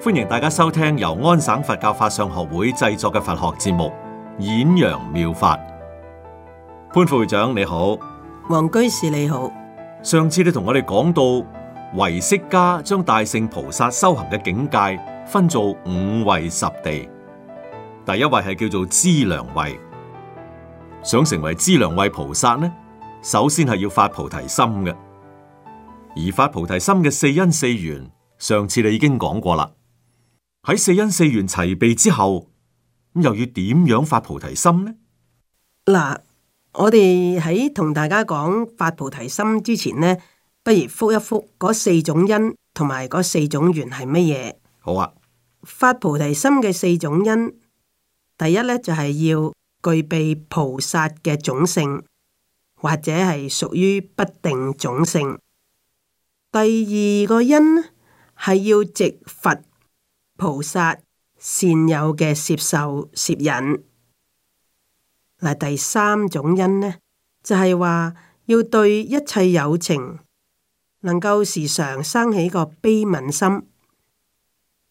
歡迎大家收聽由安省佛教法相學會製作嘅佛學節目《演揚妙，妙法》。潘副會長，你好，黃居士你好。上次你同我哋講到，唯識家將大乘菩薩修行嘅境界分做五位十地，第一位係叫做資糧位。想成為資糧位菩薩呢，首先係要發菩提心嘅，而發菩提心嘅四因四緣，上次你已經講過啦。喺四因四緣齊備之後，又要點樣發菩提心呢？嗱，我哋喺同大家講發菩提心之前呢，不如復一復嗰四種因同埋嗰四種緣係乜嘢？好啊，發菩提心嘅四種因，第一呢，就係、是、要具備菩薩嘅種性，或者係屬於不定種性。第二個因係要直佛。菩薩善有嘅攝受攝引。嗱，第三種因呢，就係、是、話要對一切有情能夠時常生起個悲憫心。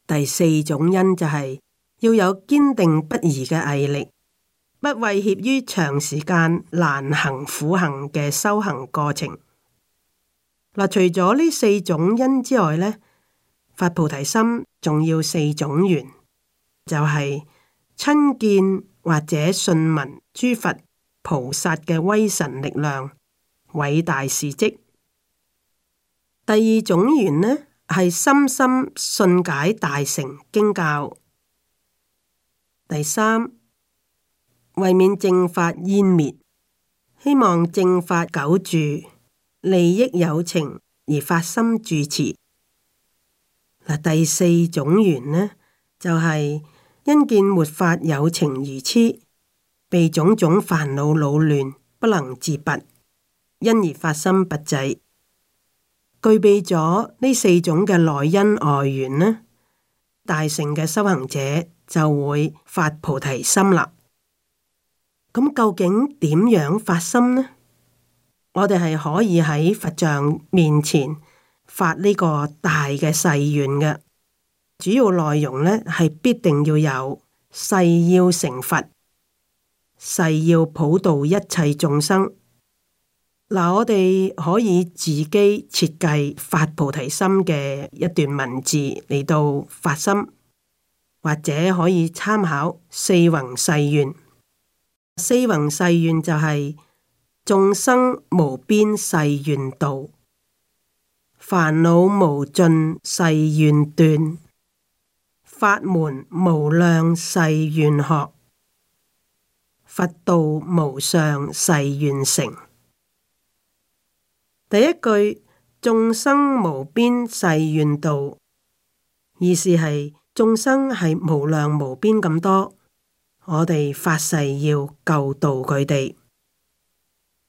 第四種因就係要有堅定不移嘅毅力，不畏怯於長時間難行苦行嘅修行過程。嗱，除咗呢四種因之外呢？發菩提心，重要四種緣，就係、是、親見或者信聞諸佛菩薩嘅威神力量、偉大事迹。第二種緣呢，係深深信解大乘經教。第三，為免正法煙滅，希望正法久住，利益有情而發心住持。第四種緣呢，就係、是、因見沒法有情如痴，被種種煩惱攪亂，不能自拔，因而發心拔濟。具備咗呢四種嘅內因外緣呢，大乘嘅修行者就會發菩提心啦。咁究竟點樣發心呢？我哋係可以喺佛像面前，發呢個大嘅誓願嘅主要內容呢，係必定要有誓要成佛，誓要普度一切眾生。嗱，我哋可以自己設計發菩提心嘅一段文字嚟到發心，或者可以參考四弘誓願。四弘誓願就係眾生無邊誓願度。煩惱無盡誓願斷，法門無量誓願學，佛道無上誓願成。第一句，眾生無邊誓願度，意思係眾生係無量無邊咁多，我哋發誓要救度佢哋。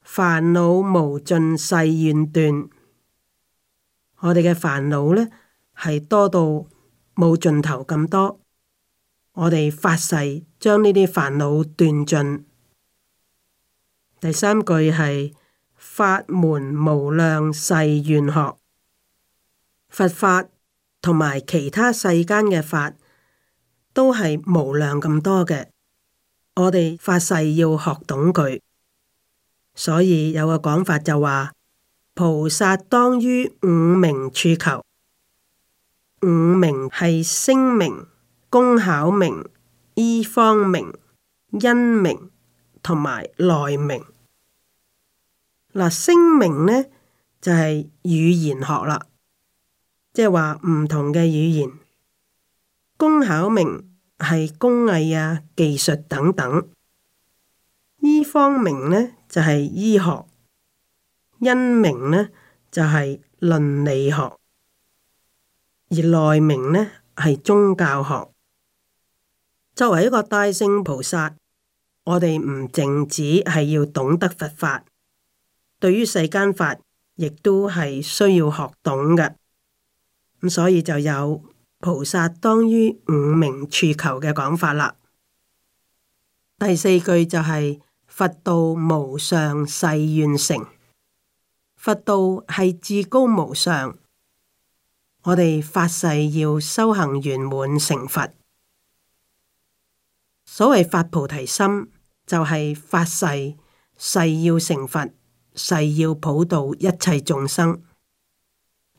煩惱無盡誓願斷。我哋嘅煩惱呢，係多到冇盡頭咁多，我哋發誓將呢啲煩惱斷盡。第三句係法門無量誓願學，佛法同埋其他世間嘅法都係無量咁多嘅，我哋發誓要學懂佢。所以有個講法就話、是。菩薩當於五明處求，五明係聲明、工巧明、醫方明、因明同埋內明。嗱，聲明呢就係、是、語言學啦，即係話唔同嘅語言。工巧明係工藝啊、技術等等。醫方明呢就係、是、醫學。因明呢，就係、是、論理學，而內明呢，係宗教學。作為一個大乘菩薩，我哋唔淨止係要懂得佛法，對於世間法亦都係需要學懂嘅。咁所以就有菩薩當於五明處求嘅講法啦。第四句就係、是、佛道無上誓願成。佛道係至高無上，我哋發誓要修行圓滿成佛。所謂發菩提心，就係發誓誓要成佛，誓要普渡一切眾生。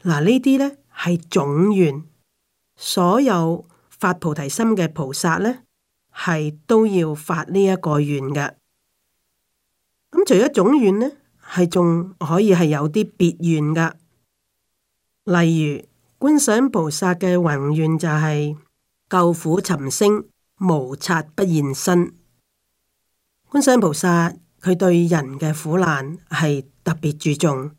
嗱，呢啲呢係總願，所有發菩提心嘅菩薩呢，係都要發呢一個願嘅。咁除咗總願呢，係仲可以係有啲別願噶，例如觀世音菩薩嘅宏願就係、是、救苦尋聲，無剎不現身。觀世音菩薩佢對人嘅苦難係特別注重，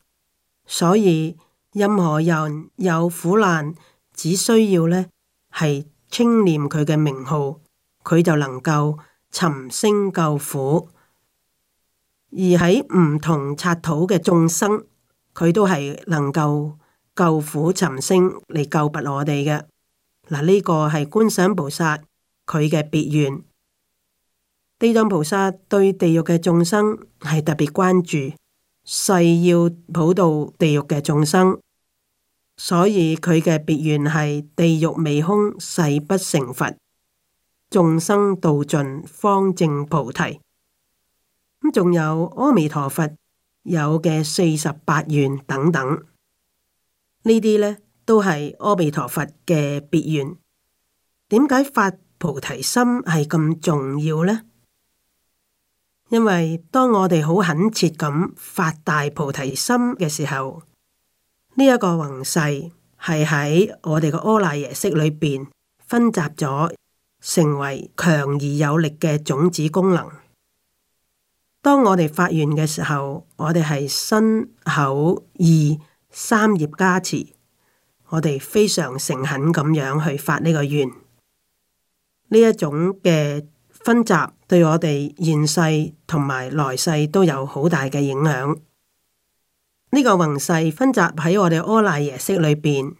所以任何人有苦難，只需要呢係稱念佢嘅名號，佢就能夠尋聲救苦。而喺唔同剎土嘅眾生，佢都係能夠救苦尋聲嚟救拔我哋嘅。嗱，呢個係觀世音菩薩佢嘅別願。地藏菩薩對地獄嘅眾生係特別關注，誓要普渡地獄嘅眾生，所以佢嘅別願係地獄未空，誓不成佛；眾生度盡，方證菩提。咁仲有阿彌陀佛有嘅四十八願等等，呢啲咧都係阿彌陀佛嘅別願。點解發菩提心係咁重要咧？因為當我哋好懇切咁發大菩提心嘅時候，呢、這、一個宏誓係喺我哋個阿賴耶識裏邊分集咗，成為強而有力嘅種子功能。當我哋發願嘅時候，我哋係身口意三業加持，我哋非常誠懇咁樣去發呢個願。呢一種嘅分集對我哋現世同埋來世都有好大嘅影響。呢、這個宏世分集喺我哋阿賴耶識裏邊，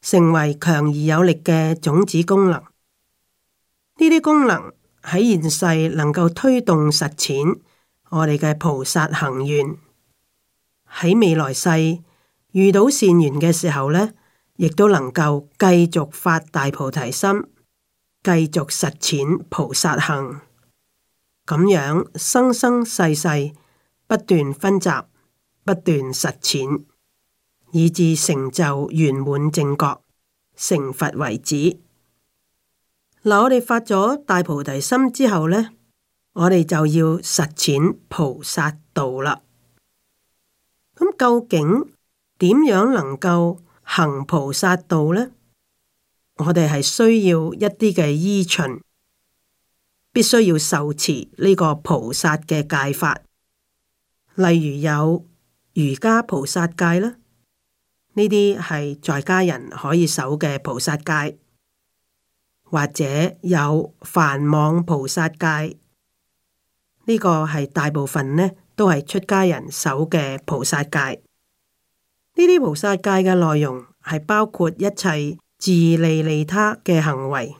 成為強而有力嘅種子功能。呢啲功能喺現世能夠推動實踐。我哋嘅菩薩行願喺未來世遇到善緣嘅時候呢，亦都能夠繼續發大菩提心，繼續實踐菩薩行，咁樣生生世世不斷薰習，不斷實踐，以至成就圓滿正覺，成佛為止。嗱，我哋發咗大菩提心之後呢。我哋就要實踐菩薩道啦。咁究竟點樣能夠行菩薩道呢？我哋係需要一啲嘅依循，必須要受持呢個菩薩嘅戒法。例如有瑜伽菩薩戒啦，呢啲係在家人可以守嘅菩薩戒，或者有梵網菩薩戒。呢個係大部分咧，都係出家人守嘅菩薩戒。呢啲菩薩戒嘅內容係包括一切自利利他嘅行為，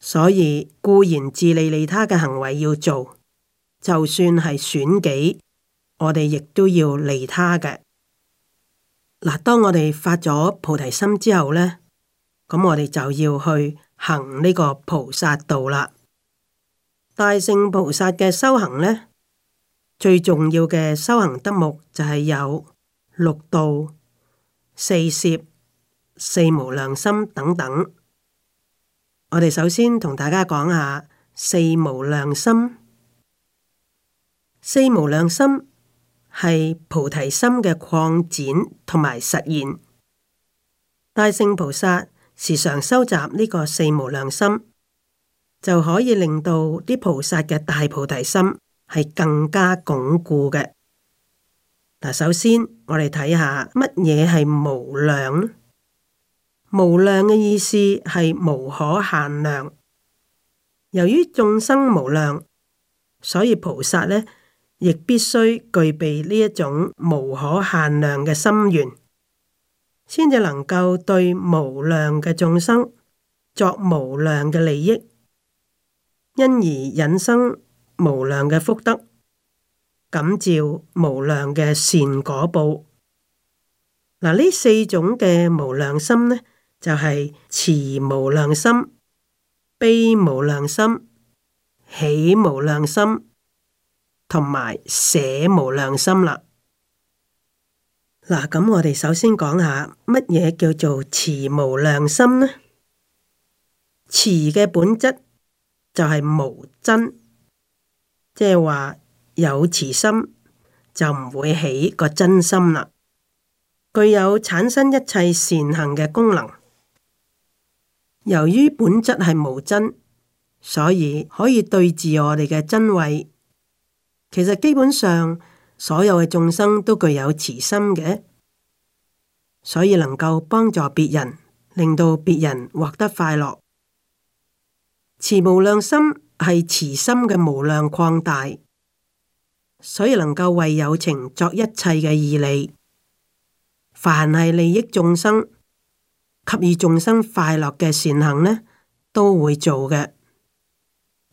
所以固然自利利他嘅行為要做，就算係損己，我哋亦都要利他嘅。嗱，當我哋發咗菩提心之後呢，咁我哋就要去行呢個菩薩道啦。大乘菩薩嘅修行呢，最重要嘅修行德目就係有六度、四攝、四無量心等等。我哋首先同大家講下四無量心。四無量心係菩提心嘅擴展同埋實現。大乘菩薩時常收集呢個四無量心就可以令到啲菩薩嘅大菩提心係更加鞏固嘅。嗱，首先我哋睇下乜嘢係無量？無量嘅意思係無可限量。由於眾生無量，所以菩薩呢亦必須具備呢一種無可限量嘅心願，先至能夠對無量嘅眾生作無量嘅利益。因而引生無量嘅福德，感召無量嘅善果報。嗱，呢四種嘅無量心呢，就係慈無量心、悲無量心、喜無量心同埋捨無量心啦。嗱，咁我哋首先講下乜嘢叫做慈無量心呢？慈嘅本質。就係無瞋，即係話有慈心就唔會起個瞋心啦。具有產生一切善行嘅功能。由於本質係無瞋，所以可以對治我哋嘅瞋恚。其實基本上所有嘅眾生都具有慈心嘅，所以能夠幫助別人，令到別人獲得快樂。慈無量心係慈心嘅無量擴大，所以能夠為有情作一切嘅義利。凡係利益眾生、給予眾生快樂嘅善行呢，都會做嘅。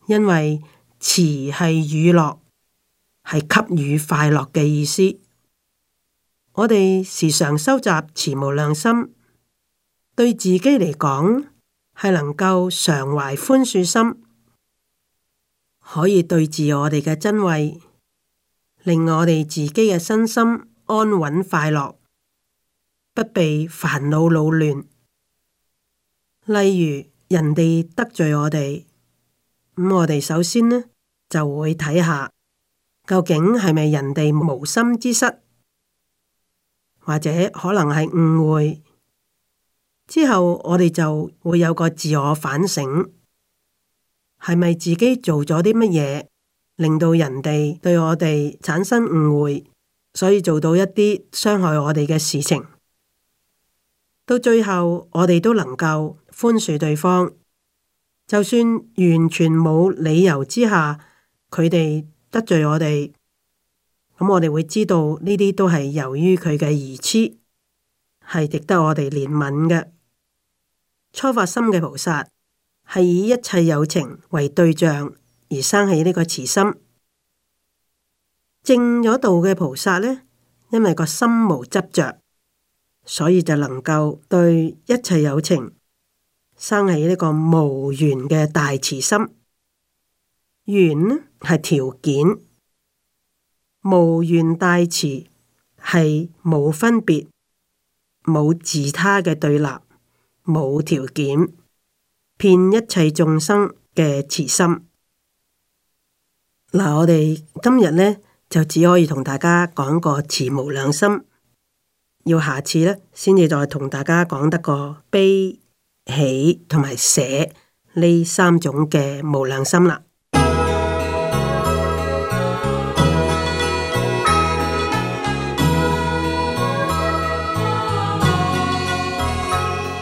因為慈係與樂，係給予快樂嘅意思。我哋時常修習慈無量心，對自己嚟講。係能夠常懷寬恕心，可以對治我哋嘅瞋恚，令我哋自己嘅身心安穩快樂，不被煩惱擾亂。例如人哋得罪我哋，咁我哋首先呢就會睇下，究竟係咪人哋無心之失，或者可能係誤會。之後我哋就會有個自我反省，係咪自己做咗啲乜嘢令到人哋對我哋產生誤會，所以做到一啲傷害我哋嘅事情？到最後我哋都能夠寬恕對方，就算完全冇理由之下佢哋得罪我哋，咁我哋會知道呢啲都係由於佢嘅愚痴，係值得我哋憐憫嘅。初發心嘅菩薩係以一切有情為對象而生起呢個慈心，正咗道嘅菩薩呢，因為個心無執着，所以就能夠對一切有情生起呢個無緣嘅大慈心。緣呢係條件，無緣大慈係冇分別、冇自他嘅對立。冇條件騙一切眾生嘅慈心，嗱，我哋今日咧就只可以同大家講個慈無量心，要下次咧先至再同大家講得個悲喜同埋捨呢三種嘅無量心啦。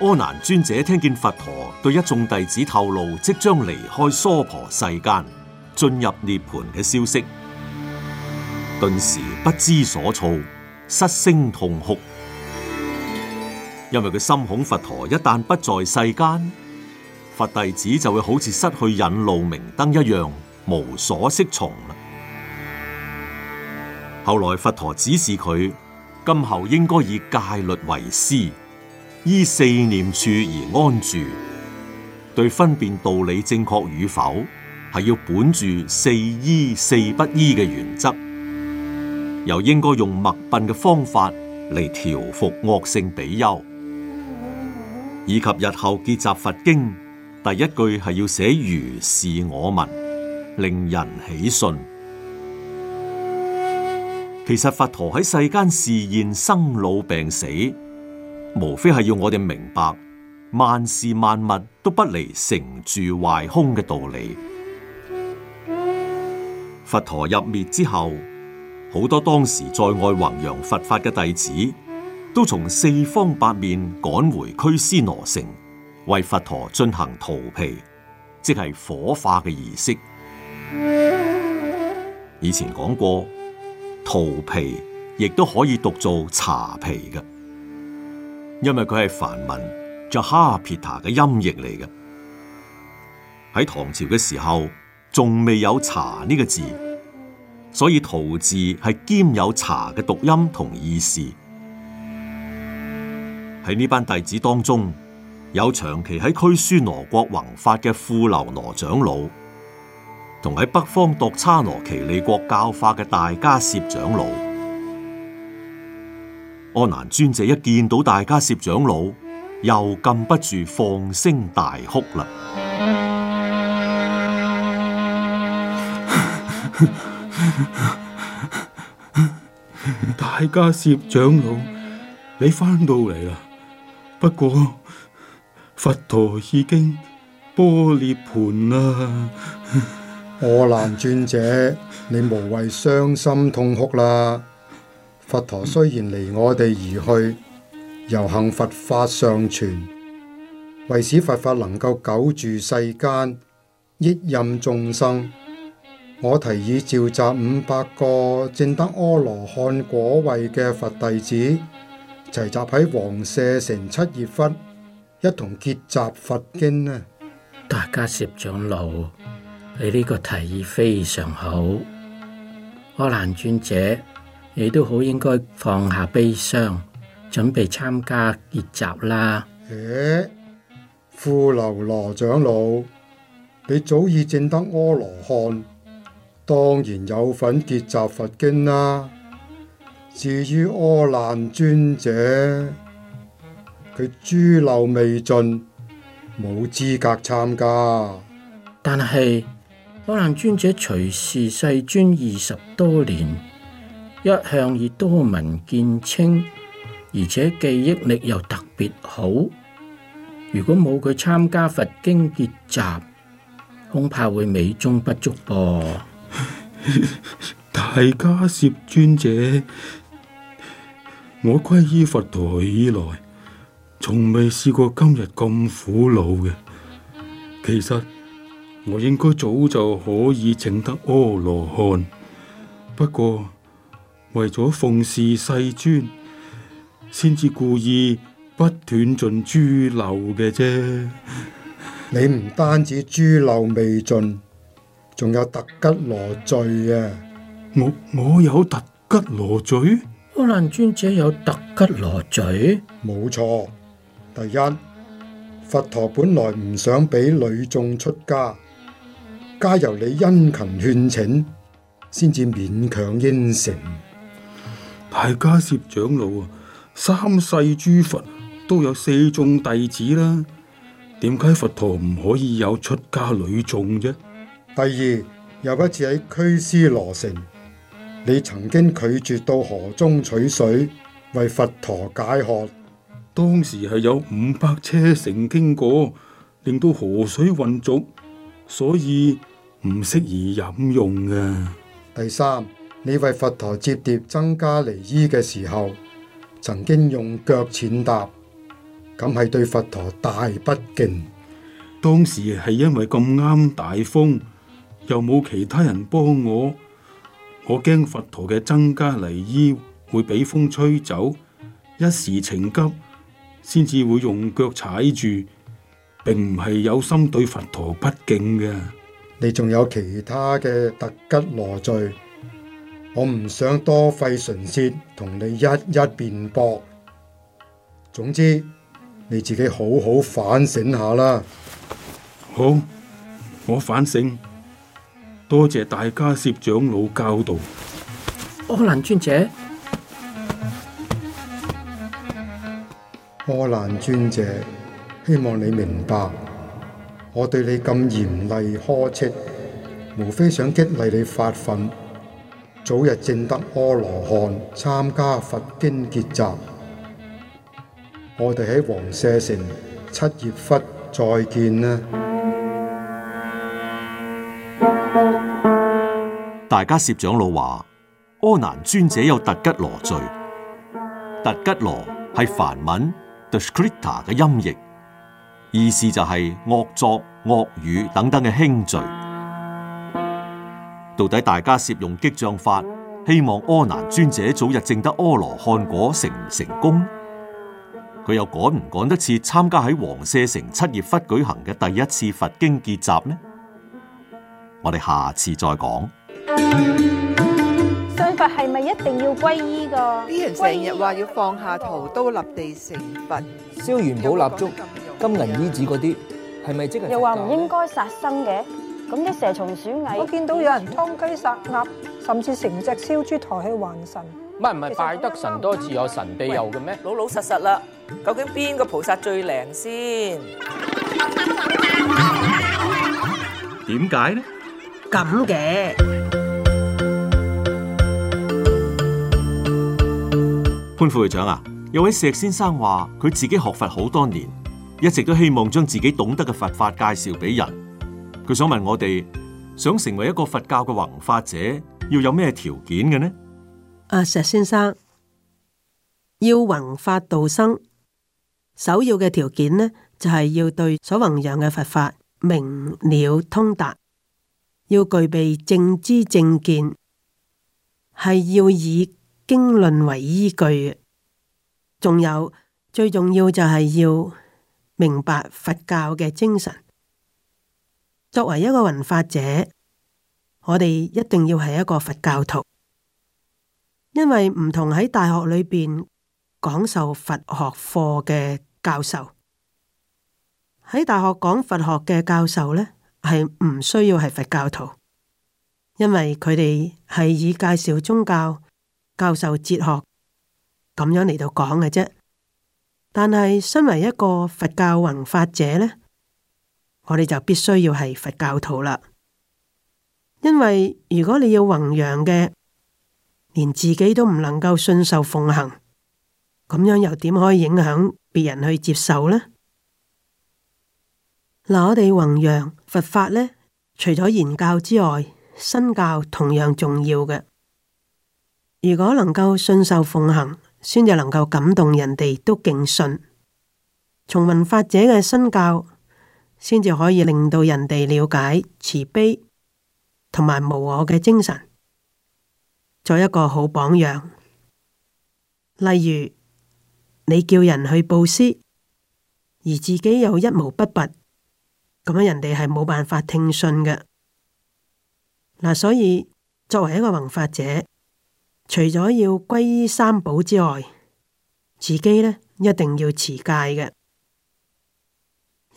阿難尊者聽見佛陀對一眾弟子透露即將離開娑婆世間進入涅槃嘅消息，頓時不知所措，失聲痛哭。因為佢心恐佛陀一旦不在世間，佛弟子就會好似失去引路明燈一樣，無所適從。後來佛陀指示佢，今後應該以戒律為師。依四念處而安住，對分辨道理正確與否，係要本住四依四不依嘅原則，又應該用默擯嘅方法嚟調伏惡性比丘，以及日後結集佛經，第一句係要寫如是我聞，令人喜信。其實佛陀喺世間示現生老病死。無非係要我哋明白萬事萬物都不離成住壞空嘅道理。佛陀入滅之後，好多當時在外弘揚佛法嘅弟子，都從四方八面趕回拘尸羅城，為佛陀進行荼毗，即係火化嘅儀式。以前講過，荼毗亦都可以讀做茶毗嘅。因為佢係梵文，做“哈皮塔”的音譯嚟嘅。喺唐朝嘅時候，仲未有“茶”呢個字，所以“荼”字係兼有茶嘅讀音同意思。喺呢班弟子當中，有長期喺拘輸羅國弘法嘅富樓羅長老，同喺北方獨差羅奇利國教化嘅大迦葉長老。阿難尊者一見到大迦葉長老，又禁不住放聲大哭啦！ 大迦葉長老，你翻到嚟啦，不過佛陀已經般涅槃啦。阿 難尊者，你無謂傷心痛哭啦。佛陀雖然離我哋而去，猶幸佛法尚存，為使佛法能夠久住世間，益任眾生，我提議召集五百個證得阿羅漢果位嘅佛弟子，齊集喺王舍城七葉窟，一同結集佛經啊！大迦葉長老，你呢個提議非常好。阿難尊者，你都好應該放下悲傷，準備參加結集啦。誒、欸，富樓羅長老，你早已證得阿羅漢，當然有份結集佛經啦。至於阿難尊者，佢諸漏未盡，冇資格參加。但係阿難尊者隨侍世尊二十多年。一向以多聞見稱，而且記憶力又特別好。如果冇佢參加佛經結集，恐怕會美中不足噃。 大迦葉尊者，我歸依佛陀以來，從未試過今日咁苦惱嘅。其實我應該早就可以證得阿羅漢，不過。為咗奉侍世尊，先至故意不斷盡諸漏嘅啫。 你唔單止諸漏未盡，仲有突吉羅罪啊！我我有突吉羅罪？阿難尊者有突吉羅罪？冇錯。第一，佛陀本來唔想俾女眾出家，皆由你殷勤勸請，先至勉強應承。大家迦葉長老啊，三世諸佛都有四眾弟子啦，點解佛陀唔可以有出家女眾啫？第二，有一次喺拘尸羅城，你曾經拒絕到河中取水為佛陀解渴，當時係有五百車乘經過，令到河水混濁，所以唔適宜飲用嘅。第三。你為佛陀折疊僧伽梨衣嘅時候，曾經用腳踐踏，咁係對佛陀大不敬。當時係因為咁啱大風，又冇其他人幫我，我驚佛陀嘅僧伽梨衣會俾風吹走，一時情急先至會用腳踩住，並唔係有心對佛陀不敬嘅。你仲有其他嘅突吉羅罪？我唔想多費唇舌同你一一辯駁，總之你自己好好反省下啦。好，我反省。多謝大家攝長老教導。柯蘭尊者，柯蘭尊者，希望你明白，我對你咁嚴厲呵斥，無非想激勵你發奮。早日證得阿羅漢，參加佛經結集。我哋喺王舍城七葉窟再見啦！大迦葉長老話：阿難尊者有突吉羅罪。突吉羅係梵文 duskrata 嘅音譯，意思就係惡作惡語等等嘅輕罪。到底大家涉用激將法，希望阿難尊者早日證得阿羅漢果成唔成功？佢又趕唔趕得切參加喺黃舍城七葉窟舉行嘅第一次佛經結集呢？我哋下次再講。信佛係咪一定要皈依噶？啲人成日話要放下屠刀立地成佛，燒元寶蠟燭、金銀衣紙嗰啲，係咪、啊、即係？又話唔應該殺生嘅？咁啲蛇蟲鼠蟻，我見到有人殺雞殺鴨，甚至成隻燒豬抬去還神。唔係唔係，拜得神多自有神庇佑嘅咩？老老實實啦，究竟邊個菩薩最靈先？點解呢？咁嘅潘副會長啊，有位石先生話佢自己學佛好多年，一直都希望將自己懂得嘅佛法介紹俾人。佢想問我哋，想成為一個佛教嘅弘法者，要有咩條件嘅呢？阿、啊、石先生，要弘法度生，首要嘅條件呢，就係、是、要對所弘揚嘅佛法明了通達，要具備正知正見，係要以經論為依據。仲有最重要就係要明白佛教嘅精神。作為一個弘法者，我哋一定要係一個佛教徒，因為唔同喺大學裏邊講授佛學課嘅教授，喺大學講佛學嘅教授呢，係唔需要係佛教徒，因為佢哋係以介紹宗教、教授哲學咁樣嚟到講嘅啫。但係身為一個佛教弘法者呢。我哋就必須要係佛教徒啦，因為如果你要弘揚嘅，連自己都唔能夠信受奉行，咁樣又點可以影響別人去接受呢？嗱，我哋弘揚佛法呢，除咗言教之外，身教同樣重要嘅。如果能夠信受奉行，先至能夠感動人哋都敬信。從聞法者嘅身教。先至可以令到人哋了解慈悲同埋無我嘅精神，做一個好榜樣。例如你叫人去布施，而自己又一毛不拔，咁樣人哋係冇辦法聽信嘅。嗱、啊，所以作為一個弘法者，除咗要歸依三寶之外，自己呢一定要持戒嘅。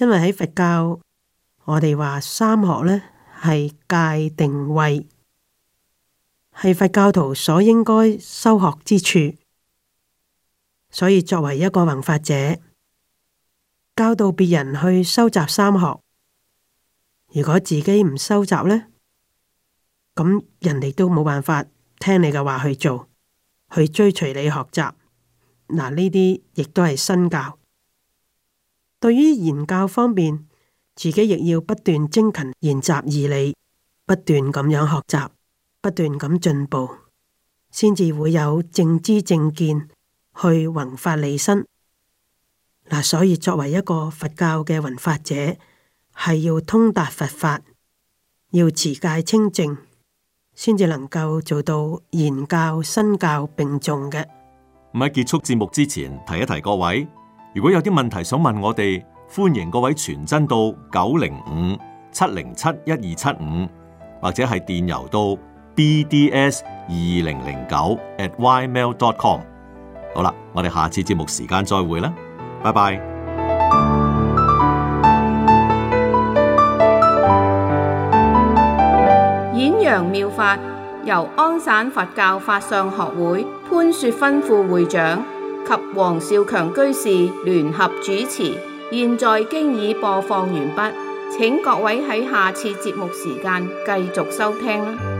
因為喺佛教，我哋話三學呢係戒定慧，係佛教徒所應該修學之處。所以作為一個弘法者，教導別人去修習三學，如果自己唔修習呢，咁人哋都冇辦法聽你嘅話去做，去追隨你學習。嗱，呢啲亦都係身教。對於言教方面，自己亦要不斷精勤研習義理，不斷咁樣學習，不斷咁進步，先至會有正知正見去弘法利生。嗱，所以作為一個佛教嘅弘法者，係要通達佛法，要持戒清淨，先至能夠做到言教身教並重嘅。咁喺結束節目之前，提一提各位。如果有啲問題想問我哋，歡迎各位傳真到九零五七零七一二七五，75，或者係電郵到 bds 二零零九 at ymail.com。好啦，我哋下次節目時間再會啦，拜拜。演揚妙法由安省佛教法相學會潘雪芬副會長，及王少強居士聯合主持，現在已經已播放完畢，請各位喺下次節目時間繼續收聽啦。